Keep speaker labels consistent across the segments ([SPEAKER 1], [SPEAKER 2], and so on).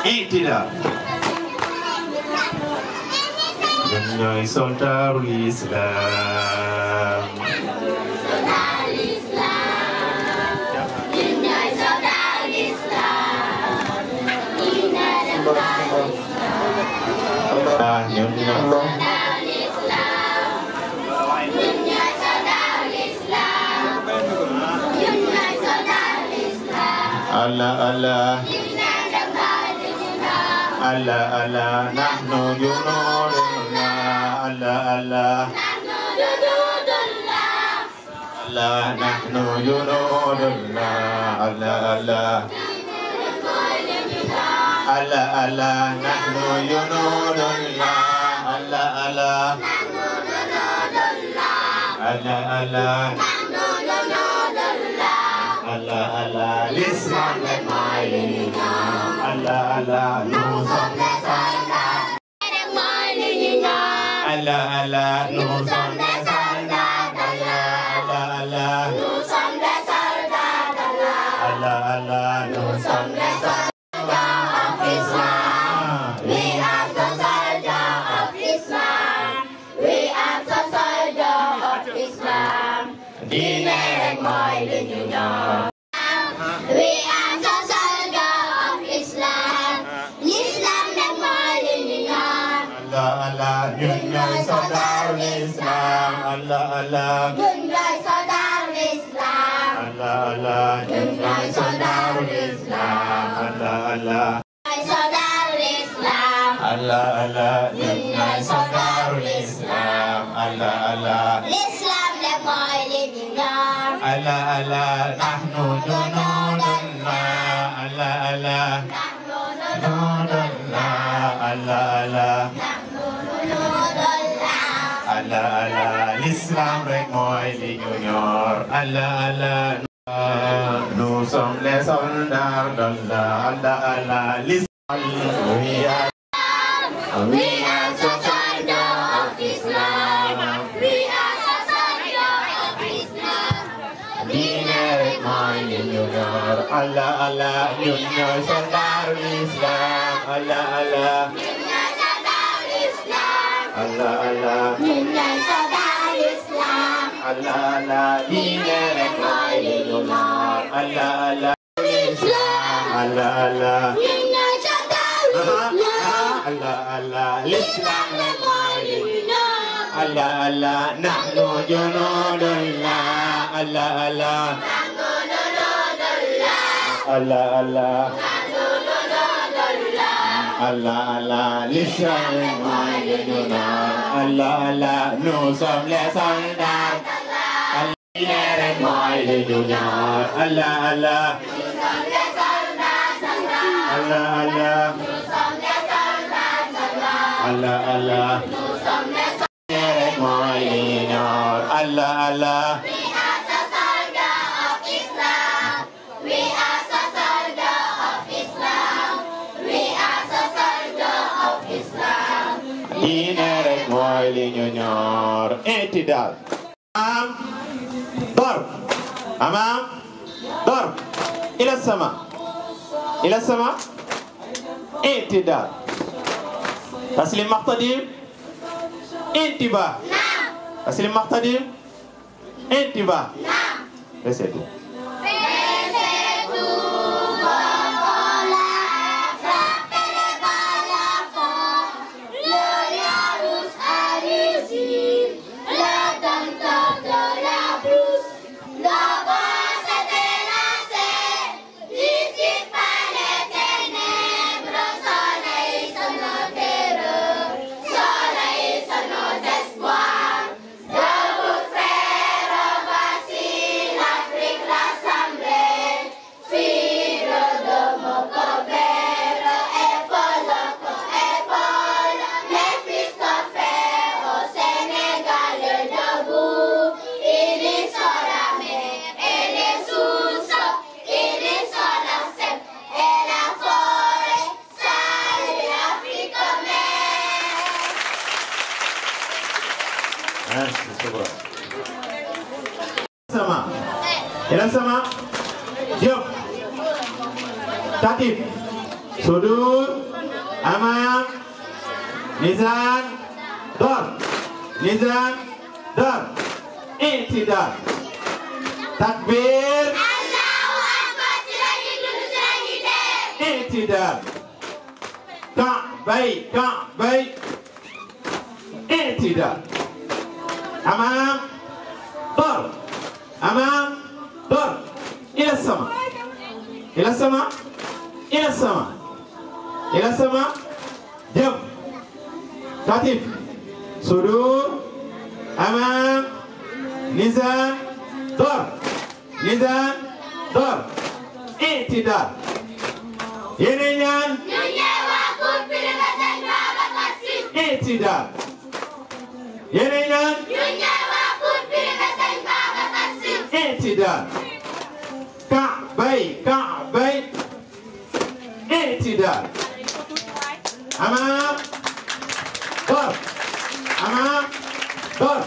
[SPEAKER 1] Itila.
[SPEAKER 2] Dengan Sultan Islam.
[SPEAKER 3] Ta Islam.
[SPEAKER 2] Allah Allah Allah ألا ألا نحن جنود الله ألا ألا ألا نحن
[SPEAKER 3] جنود الله
[SPEAKER 2] ألا ألا ألا ألا نحن جنود الله ألا ألا ألا ألا ألا ألا لسمع لك
[SPEAKER 3] معينا la la Nous sommes des soldats Aidez-moi l'union Allah Allah Nous sommes des soldats Allah Allah Nous sommes des
[SPEAKER 2] soldats Allah Allah Nous sommes ألا ألا نحن جنود الله ألا ألا جنود الله ألا ألا ألا ألا الإسلام رك موي لجونيور ألا ألا nous sommes les soldats d'Allah, Allah, Allah, l'Israël, oui, Allah. Inna Sardarul Islam Allah Allah Inna Sardarul Islam Allah Allah Inna Sardarul
[SPEAKER 3] Islam Allah Allah Inna Qailil Umar
[SPEAKER 2] Allah Allah Allah Allah
[SPEAKER 3] Inna Sardarul Islam Allah Allah
[SPEAKER 2] Inna Qailil Umar Allah Allah Nahnu Junudullah Allah Allah الله الله الله الله للشعب والدنا الله الله نوصم لصندان الله والدنا الله الله الله الله الله الله الله الله diine rek mooy li ñu ñor intidal
[SPEAKER 1] eh, am dor amam dor ila sama ila sama intidal eh, taslim maqtadim intiba eh, taslim maqtadim intiba et c'est tout تكبير الله أكبر كعبي كعبي اعتدال أمام ضرب أمام ضرب إلى السماء إلى السماء إلى السماء إلى السماء جم كتف صدور أمام نزام ضرب إذا ضرب اعتدال ينيان اعتدال ينيان اعتدال كعبي كعبي اعتدال أمام ضرب أمام ضرب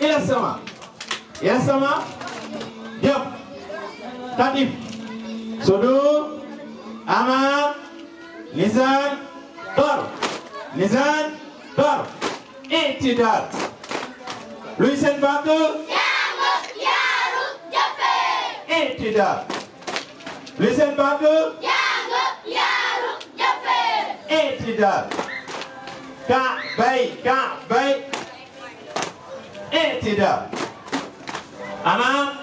[SPEAKER 1] إلى السماء إلى السماء Yuk. Tadif. Sudu. Amal. Lisan. Tor. Lisan. Tor. Iktidal. Luisen Batu. Yamut
[SPEAKER 3] Yarut Jafe.
[SPEAKER 1] Iktidal. Luisen Batu.
[SPEAKER 3] Yamut Yarut Jafe.
[SPEAKER 1] Iktidal. Kak baik, kak baik. Iktidal. Amal.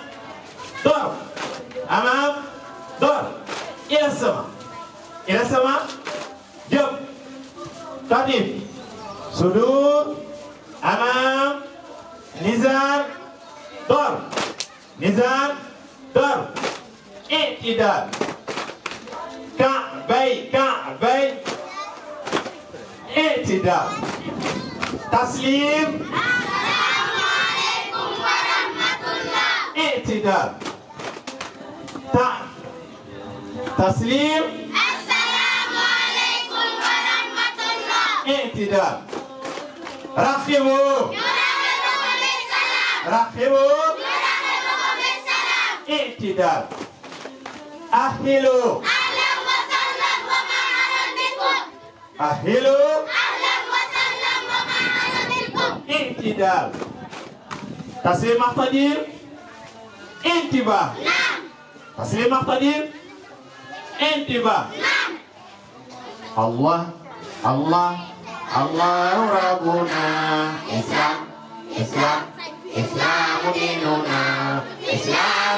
[SPEAKER 1] Dor. aman, Dor. Ya sama. Ya Jump. Tadi. Sudut. aman, Nizar. Dor. Nizar. Dor. Iktidar. Ka baik. Ka baik. Iktidar. Taslim. Assalamualaikum تسليم السلام عليكم ورحمة الله اعتدال رحبوا يرحمكم بالسلام رحبوا يرحمكم
[SPEAKER 4] بالسلام
[SPEAKER 1] اعتدال أهلوا أهلا وسهلا
[SPEAKER 3] على بكم
[SPEAKER 1] أهلوا أهلا وسهلا على بكم اعتدال تسليم محتدير انتباه Taslim Maqtadir Intiba Allah Allah Allah Rabbuna Islam Islam Islam dinuna Islam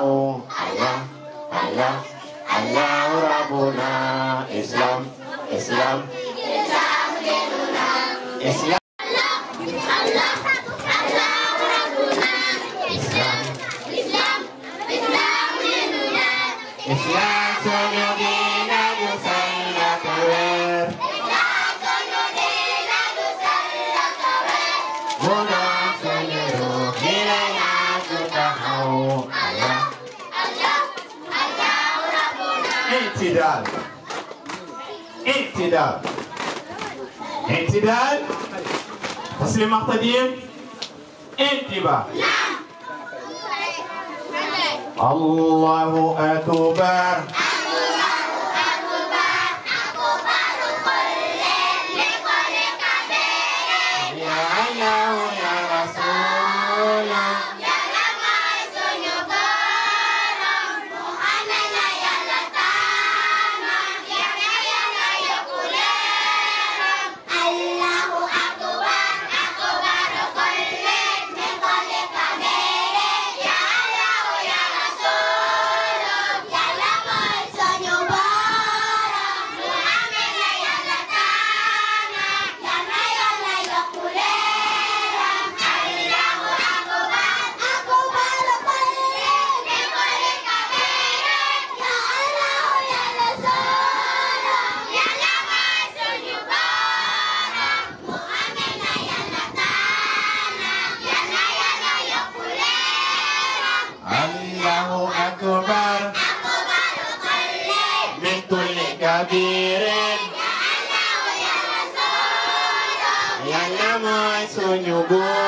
[SPEAKER 2] Allahu Allah Allah Allah Rabbuna Islam Islam Islam
[SPEAKER 1] اعتدال اعتدال تسليم قديم انتباه
[SPEAKER 2] الله أكبر Senhor.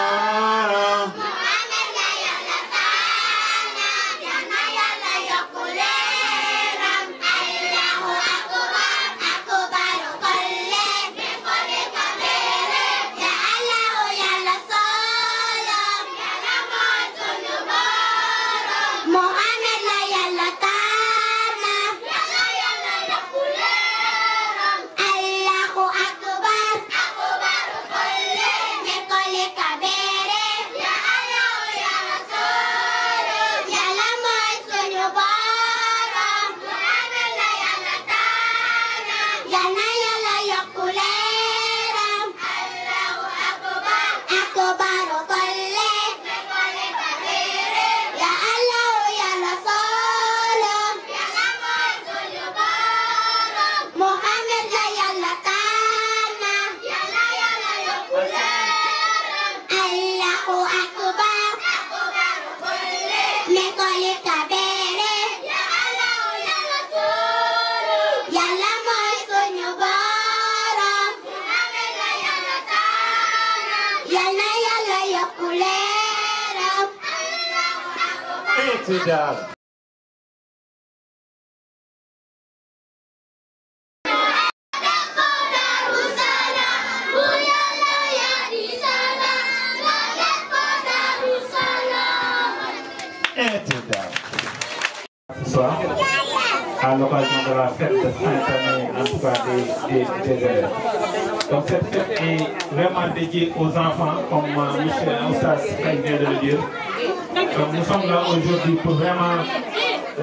[SPEAKER 4] nous sommes là aujourd'hui pour vraiment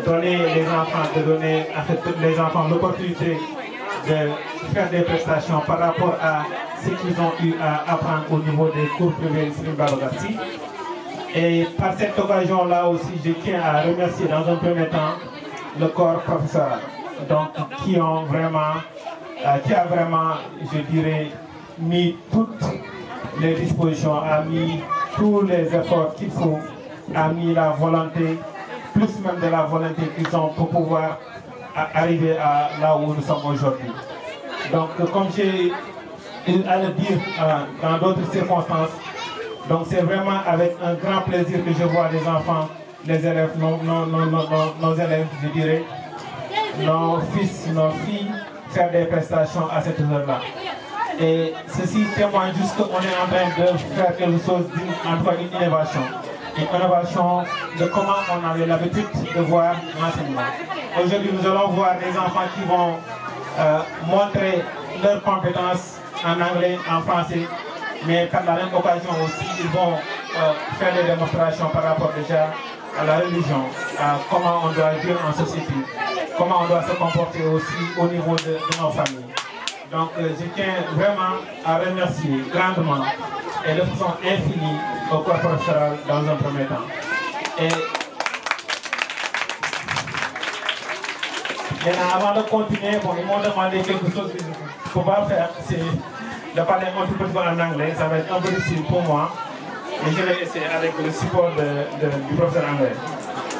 [SPEAKER 4] donner les enfants, de donner à les enfants l'opportunité de faire des prestations par rapport à ce qu'ils ont eu à apprendre au niveau des cours privés de Sri Et par cette occasion-là aussi, je tiens à remercier dans un premier temps le corps professeur donc qui ont vraiment, euh, qui a vraiment, je dirais, mis toutes les dispositions, a mis tous les efforts qu'il faut a mis la volonté, plus même de la volonté qu'ils ont pour pouvoir arriver à là où nous sommes aujourd'hui. Donc, comme j'ai à le dire euh, dans d'autres circonstances, donc c'est vraiment avec un grand plaisir que je vois les enfants, les élèves, nos, nos élèves, je dirais, nos fils, nos filles, faire des prestations à cette heure-là. Et ceci témoigne juste qu'on est en train de faire quelque chose d'une innovation et innovation de comment on avait l'habitude de voir l'enseignement. Aujourd'hui, nous allons voir des enfants qui vont euh, montrer leurs compétences en anglais, en français, mais par la même occasion aussi, ils vont euh, faire des démonstrations par rapport déjà à la religion, à comment on doit agir en société, comment on doit se comporter aussi au niveau de, nos familles. Donc, euh, je tiens vraiment à remercier grandement et de façon infinie au corps sera dans un premier temps. Et avant de continuer, bon, ils m'ont demandé quelque chose qu'il ne faut pas faire, c'est de parler un petit peu en anglais, ça va être un peu difficile pour moi. mais je vais essayer avec le support du professeur anglais.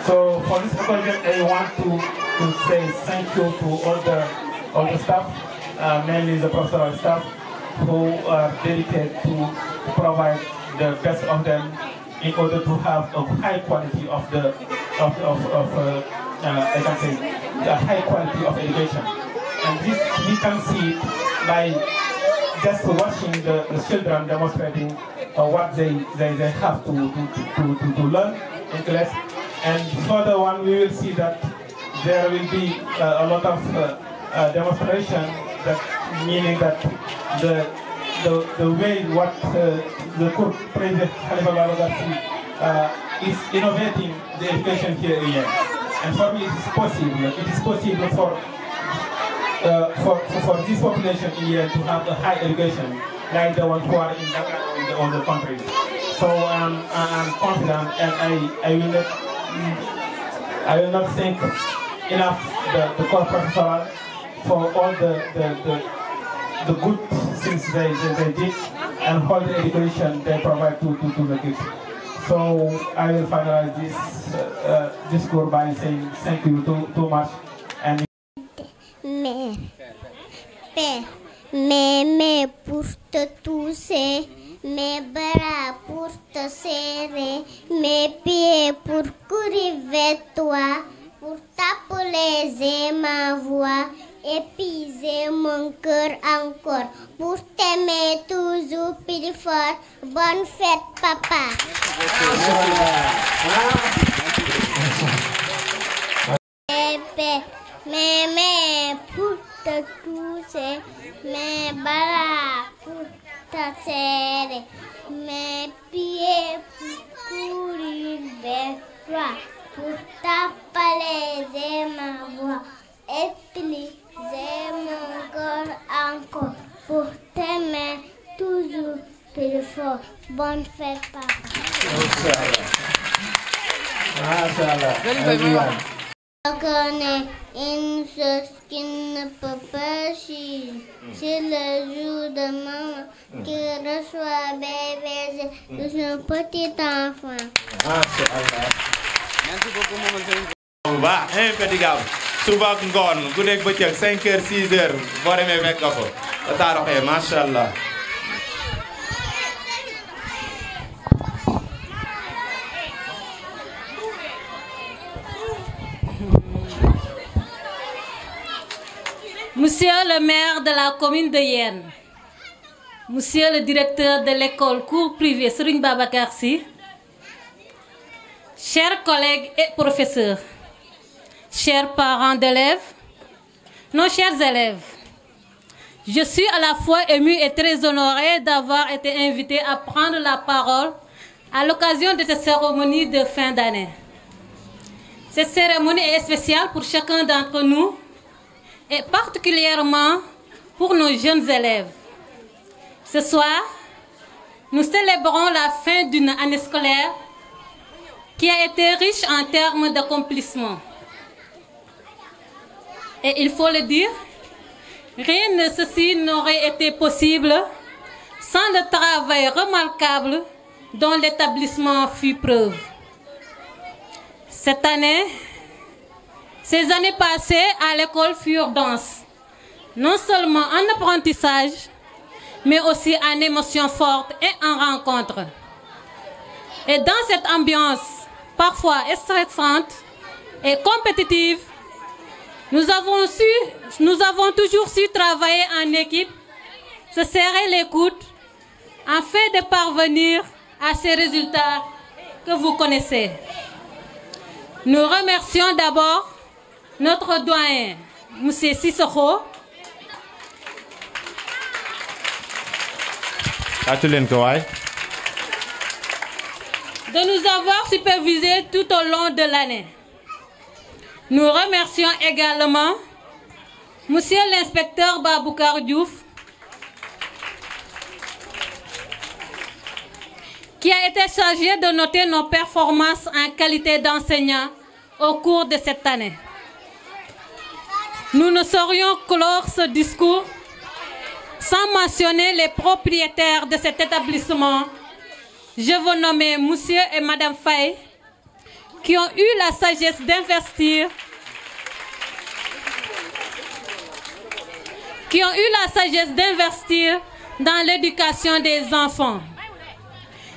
[SPEAKER 4] So for this occasion, I want to, to say thank you to all the, all the staff, uh, mainly the professor staff, who are dedicated to provide the best of them in order to have a high quality of the of, of, of uh, uh, I can say the high quality of education. And this we can see by just watching the, the children demonstrating uh, what they, they, they have to, to, to, to, learn in class. And further on, we will see that there will be uh, a lot of uh, uh, demonstration, that meaning that the, the, the way what the Court President Khalifa Babagassi uh, is innovating the education here Yemen. And for me, it is possible. It is possible for, uh, for, for, this population here to have a high education like the ones who are in the other countries. So um, I'm confident and I, I will not I will not think enough the, the core professor for all the, the, the the good things they, they, did and all the education they provide to, to, to the kids. So I will finalize this uh, uh, discourse by saying thank you too, too much. And
[SPEAKER 5] epize mâncări ancor, tu metu zupiri făr, bun fet papa! Pepe, meme, pută cuse, me bala, pută sere, me pie pucurii beroa, pută paleze ma voa, etnic J'aime encore, encore pour t'aimer toujours plus fort. Bonne fête, papa.
[SPEAKER 4] Je
[SPEAKER 5] connais une chose qui ne peut pas chier. C'est le jour de maman qui reçoit bébé de son petit enfant.
[SPEAKER 3] Merci beaucoup, maman.
[SPEAKER 1] On va gars suba ak ngoon guddeeg 5 h 6 h boo demee fekk nga ko allah.
[SPEAKER 6] Monsieur le maire de la commune de Yenne, Monsieur le directeur de l'école cours privée Serigne Babacar Sy, chers collègues et professeurs chers parents d'élèves, nos chers élèves, je suis à la fois émue et très honorée d'avoir été invitée à prendre la parole à l'occasion de cette cérémonie de fin d'année. Cette cérémonie est spéciale pour chacun d'entre nous et particulièrement pour nos jeunes élèves. Ce soir, nous célébrons la fin d'une année scolaire qui a été riche en termes d'accomplissements. Et il faut le dire, rien de ceci n'aurait été possible sans le travail remarquable dont l'établissement fut preuve. Cette année, ces années passées à l'école furent denses, non seulement en apprentissage, mais aussi en émotions fortes et en rencontres. Et dans cette ambiance parfois stressante et compétitive, nous avons su, nous avons toujours su travailler en équipe, se serrer l'écoute, en fait de parvenir à ces résultats que vous connaissez. Nous remercions d'abord notre doyen, M. Sissoko. de nous avoir supervisés tout au long de l'année. Nous remercions également Monsieur l'inspecteur Baboukar Diouf, qui a été chargé de noter nos performances en qualité d'enseignant au cours de cette année. Nous ne saurions clore ce discours sans mentionner les propriétaires de cet établissement. Je vous nommer Monsieur et Madame Faye, qui ont eu la sagesse d'investir, qui ont eu la sagesse d'investir dans l'éducation des enfants.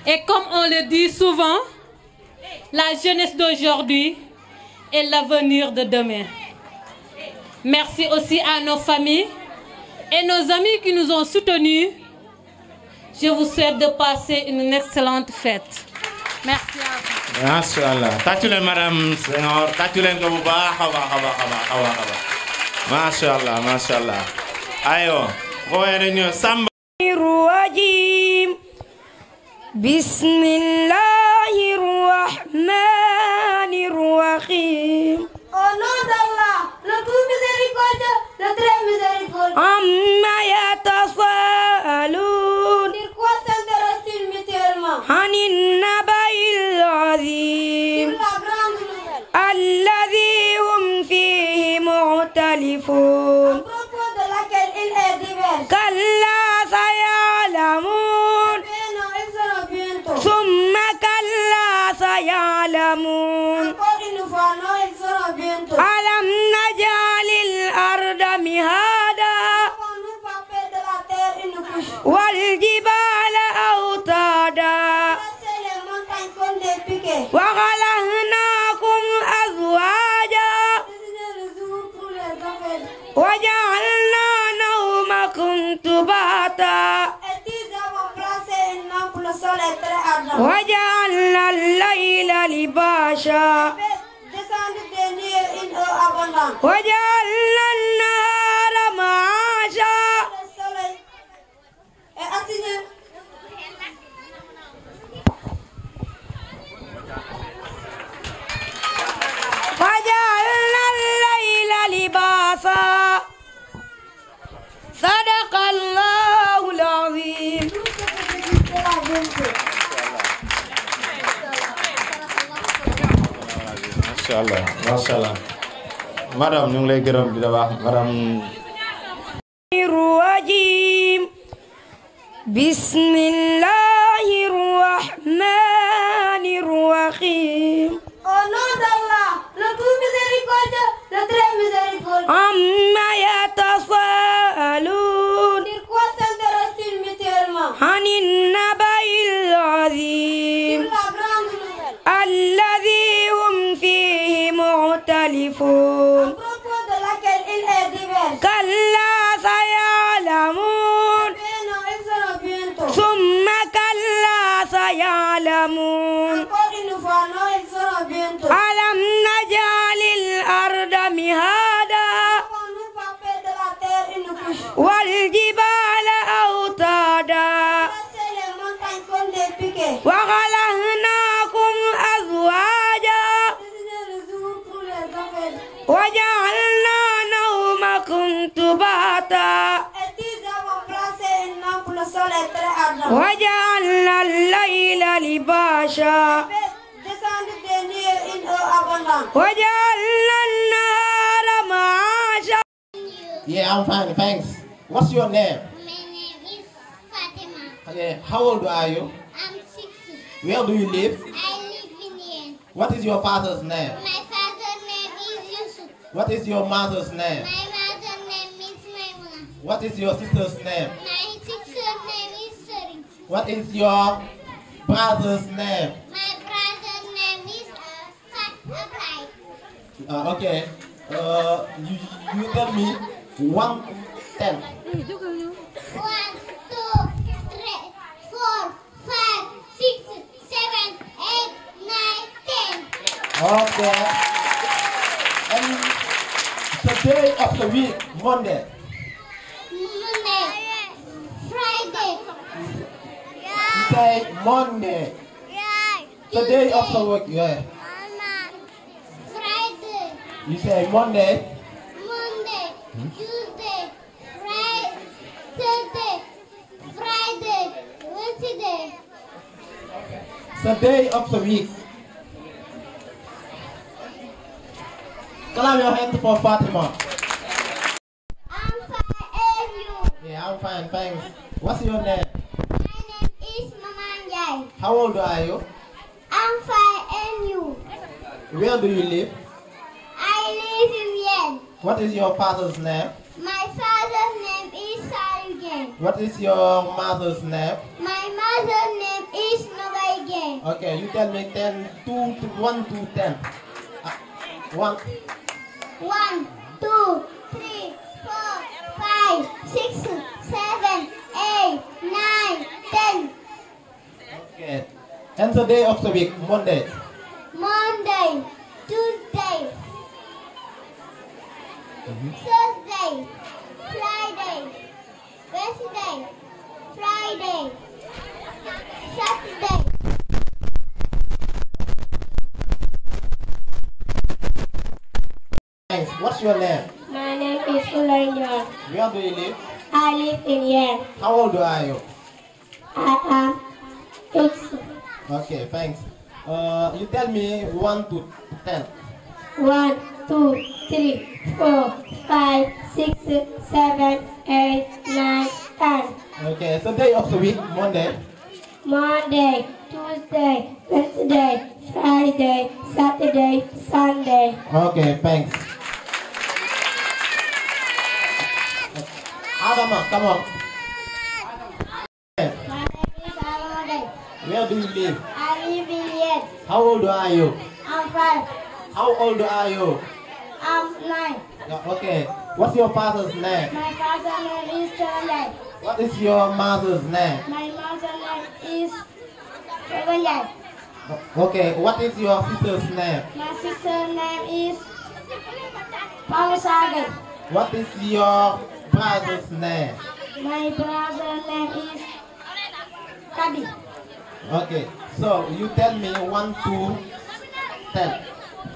[SPEAKER 6] Et comme on le dit souvent, la jeunesse d'aujourd'hui est l'avenir de demain. Merci aussi à nos familles et nos amis qui nous ont soutenus. Je vous souhaite de passer une excellente fête. Merci à
[SPEAKER 1] vous.
[SPEAKER 2] Masyaallah,
[SPEAKER 1] allah tàccu leen madame Senghor tàccu leen ko bu baax a baax
[SPEAKER 2] a baax a baax ayo
[SPEAKER 7] mooy rek ñu sàmba rajim bismillahir rahmanir rahim au oh, nom d'Allah le tout miséricordieux le très miséricordieux يعرفون كلا سيعلمون ثم كلا سيعلمون ألم نجعل الأرض مهادا والجبال وجعلنا نومكم تباتا وجعلنا الليل لباشا وجعلنا
[SPEAKER 2] macha allah macha allah madame ñu ngi lay gërëm di la baax madame rajim
[SPEAKER 7] bismillahi rahmani rahim au nom d'Allah le tout miséricordieux le très miséricordieux وَجَعَلْنَا اللَّيْلَ لِبَاشًا Descended the in abundance. وَجَعَلْنَا النَّهَارَ
[SPEAKER 8] مَعَاشًا Yeah, I'm fine, thanks. What's your name? My name is Fatima. Okay, how old are you? I'm 60. Where do you live? I
[SPEAKER 5] live in Yen. What is
[SPEAKER 8] your father's name?
[SPEAKER 5] My father's name is Yusuf.
[SPEAKER 8] What is your mother's name? My
[SPEAKER 5] mother's name is Maimuna.
[SPEAKER 8] What is your sister's name? My what is your brother's name?
[SPEAKER 5] My brother's name
[SPEAKER 8] is uh, uh okay. Uh, you, you tell me one, ten. One, two,
[SPEAKER 5] three, four, five, six, seven, eight, nine, ten. Okay. And
[SPEAKER 8] the day of the week, Monday. inside Monday.
[SPEAKER 5] Yeah. The day of
[SPEAKER 8] the week. yeah.
[SPEAKER 5] Mama, Friday.
[SPEAKER 8] You say Monday?
[SPEAKER 5] Monday, hmm? Tuesday, Friday, Thursday, Friday, Wednesday.
[SPEAKER 8] The day of the week. Clap your hands for Fatima. I'm fine, and you? Yeah, I'm fine, thanks. What's your name? How old are you?
[SPEAKER 5] I'm five and you.
[SPEAKER 8] Where do you live?
[SPEAKER 5] I live in Yen.
[SPEAKER 8] What is your father's name?
[SPEAKER 5] My father's name is Sarugen.
[SPEAKER 8] What is your mother's name?
[SPEAKER 5] My mother's name is Nogayen. Okay, you tell
[SPEAKER 8] me ten, two, two, one Uh, one.
[SPEAKER 5] One, two, three, four, five, six, seven, eight, nine, ten.
[SPEAKER 8] Okay. And the day of the week, Monday.
[SPEAKER 5] Monday, Tuesday, mm -hmm. Thursday, Friday, Wednesday, Friday, Saturday.
[SPEAKER 8] What's your name?
[SPEAKER 7] My name is Ulanya.
[SPEAKER 8] Where do you live?
[SPEAKER 7] I live in Yen.
[SPEAKER 8] How old are you?
[SPEAKER 7] I am
[SPEAKER 8] Okay, thanks. Uh, you tell me 1 to 10.
[SPEAKER 7] five, six, seven, eight, nine, ten.
[SPEAKER 8] Okay, so day of the week, Monday.
[SPEAKER 7] Monday, Tuesday, Wednesday,
[SPEAKER 8] Friday, Saturday, Sunday. Okay, thanks. Adama, come on. where do you live?
[SPEAKER 7] I live in Yen.
[SPEAKER 8] How old are you? I'm five. How old are you?
[SPEAKER 7] I'm nine.
[SPEAKER 8] okay. What's your father's name?
[SPEAKER 7] My father's name is Cholan.
[SPEAKER 8] What is your mother's name?
[SPEAKER 7] My mother's name is Cholan.
[SPEAKER 8] Okay. What is your sister's name?
[SPEAKER 7] My sister's name is Pamasagan.
[SPEAKER 8] What is your brother's name?
[SPEAKER 7] My brother's name is Kadi.
[SPEAKER 8] Okay, so you tell me one, two,
[SPEAKER 7] ten.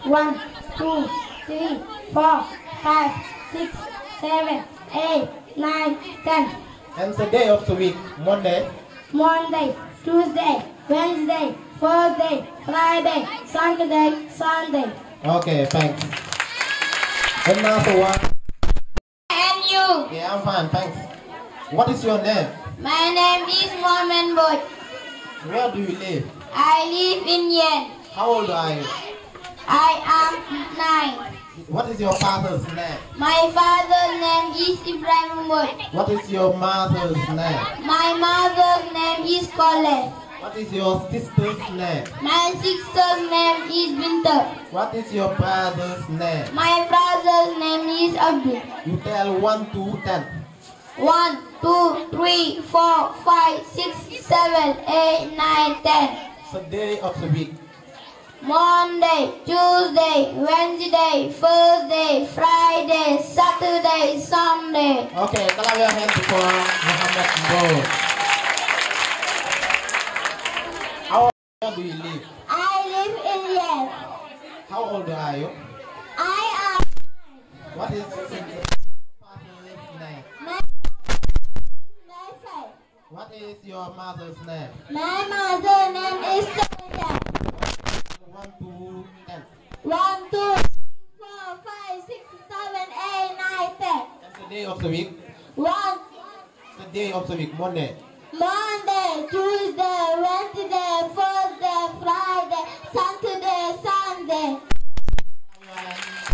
[SPEAKER 7] One, two, three, four, five, six, seven, eight, nine, ten.
[SPEAKER 8] And the day of the week, Monday.
[SPEAKER 7] Monday, Tuesday, Wednesday, Thursday, Friday, Saturday, Sunday.
[SPEAKER 8] Okay, thanks. And now for one.
[SPEAKER 7] And you? Yeah,
[SPEAKER 8] I'm fine, thanks. What is your name?
[SPEAKER 7] My name is Mormon Boy.
[SPEAKER 8] Where do you live?
[SPEAKER 7] I live in Yen.
[SPEAKER 8] How old are you?
[SPEAKER 7] I am nine.
[SPEAKER 8] What is your father's name?
[SPEAKER 7] My father's name is Ibrahim
[SPEAKER 8] What is your mother's name?
[SPEAKER 7] My mother's name is Colette.
[SPEAKER 8] What is your sister's name?
[SPEAKER 7] My sister's name is Winter.
[SPEAKER 8] What is your brother's name?
[SPEAKER 7] My brother's name is Abdul.
[SPEAKER 8] You tell one two, ten.
[SPEAKER 7] 1, 2, 3, 4, 5, 6, 7, 8, 9, 10.
[SPEAKER 8] So day of the week.
[SPEAKER 7] Monday, Tuesday, Wednesday, Thursday, Friday, Saturday, Sunday. Okay,
[SPEAKER 8] clap your hands for Muhammad Mbo. How old do you live?
[SPEAKER 5] I live in Yemen.
[SPEAKER 8] How old are you?
[SPEAKER 5] I am nine. What is
[SPEAKER 8] What is your mother's name? My mother's name is Sonia. One, two, ten.
[SPEAKER 6] One, two, three,
[SPEAKER 8] four, five, six, seven,
[SPEAKER 3] eight, nine, ten.
[SPEAKER 8] That's the day of the week. One. It's the day of the week, Monday.
[SPEAKER 5] Monday, Tuesday, Wednesday, Thursday, Friday,
[SPEAKER 3] Saturday, Sunday.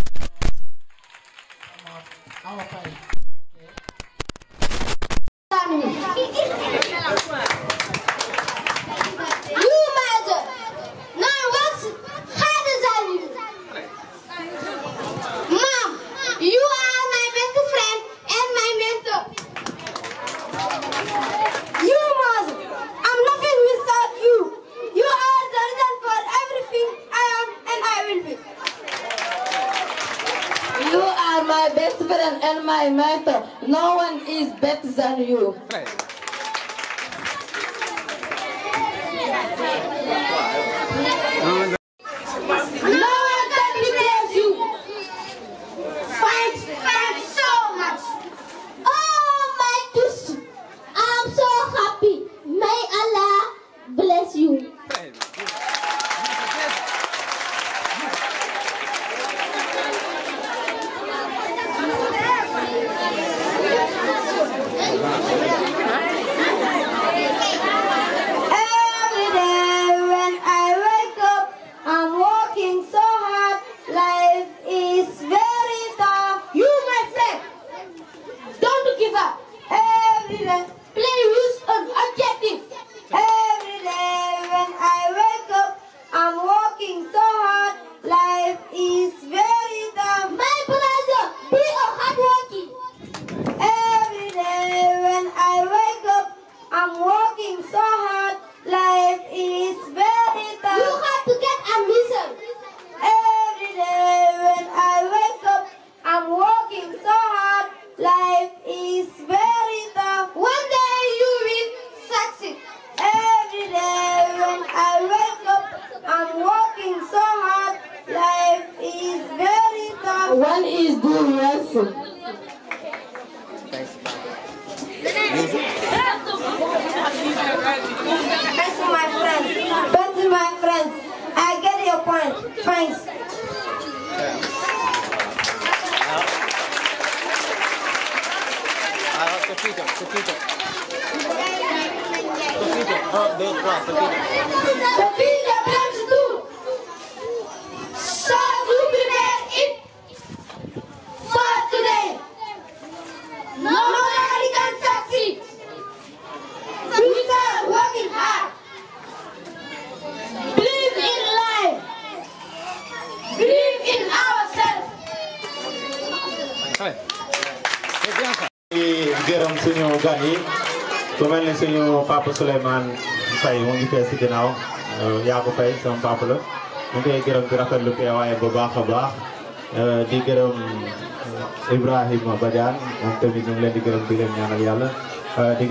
[SPEAKER 3] That's my
[SPEAKER 7] That's my I get your point. Thanks.
[SPEAKER 8] Ah, ah,
[SPEAKER 3] oh,
[SPEAKER 4] papa Suleiman Fay mo ngi fee ginaaw euh yaa ko fay sama papa la
[SPEAKER 2] ñu ngi koy gërëm di lu teewaay bu baaxa baax euh di gërëm Ibrahim Badian moom tamit ñu ngi leen di gërëm di leen ñaanal Yalla yàlla